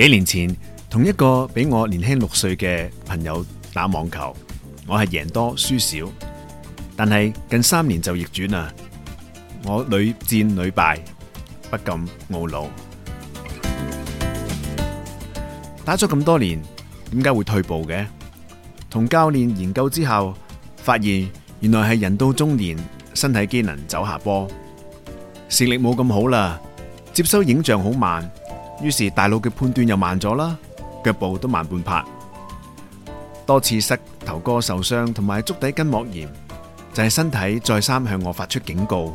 幾年前同一個比我年輕六歲嘅朋友打網球，我係贏多輸少，但係近三年就逆轉啦，我屢戰屢敗，不禁懊惱。打咗咁多年，點解會退步嘅？同教練研究之後，發現原來係人到中年，身體機能走下坡，視力冇咁好啦，接收影像好慢。於是大腦嘅判斷又慢咗啦，腳步都慢半拍，多次膝頭哥受傷同埋足底筋膜炎，就係、是、身體再三向我發出警告。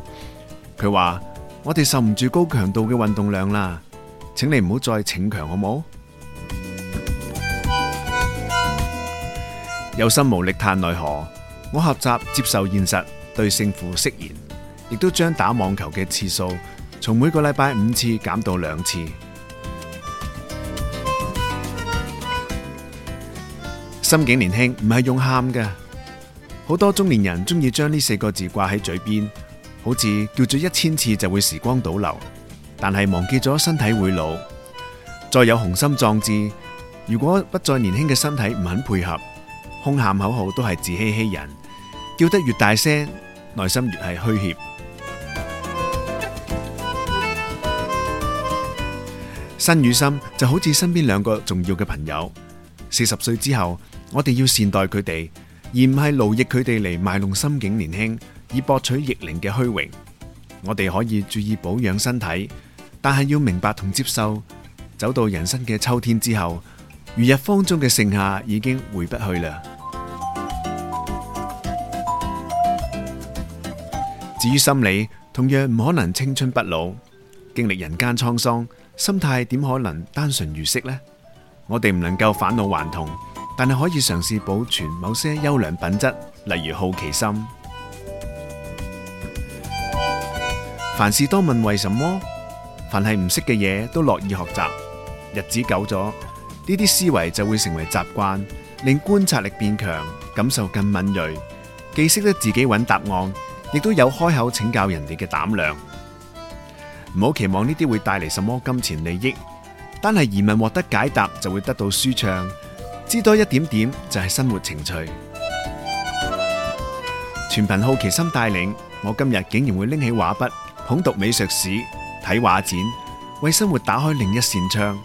佢話：我哋受唔住高強度嘅運動量啦。請你唔好再逞強，好唔好？有心無力，嘆奈何。我學習接受現實，對勝負釋然，亦都將打網球嘅次數從每個禮拜五次減到兩次。心境年輕唔係用喊㗎，好多中年人鍾意將呢四個字掛喺嘴邊，好似叫咗一千次就會時光倒流，但係忘記咗身體會老，再有雄心壯志，如果不再年輕嘅身體唔肯配合，空喊口號都係自欺欺人，叫得越大聲，內心越係虛怯。身與心就好似身邊兩個重要嘅朋友。四十歲之後，我哋要善待佢哋，而唔係奴役佢哋嚟賣弄心境年輕，以博取逆齡嘅虛榮。我哋可以注意保養身體，但係要明白同接受，走到人生嘅秋天之後，如日方中嘅盛夏已經回不去了。至於心理，同樣唔可能青春不老，經歷人間滄桑，心態點可能單純如昔呢？我哋唔能夠返老還童，但係可以嘗試保存某些優良品質，例如好奇心。凡事多問為什麼，凡係唔識嘅嘢都樂意學習。日子久咗，呢啲思維就會成為習慣，令觀察力變強，感受更敏銳，既識得自己搵答案，亦都有開口請教人哋嘅膽量。唔好期望呢啲會帶嚟什麼金錢利益。但係疑問獲得解答就會得到舒暢，知多一點點就係生活情趣。全憑好奇心帶領，我今日竟然會拎起畫筆，捧讀美術史、睇畫展，為生活打開另一扇窗。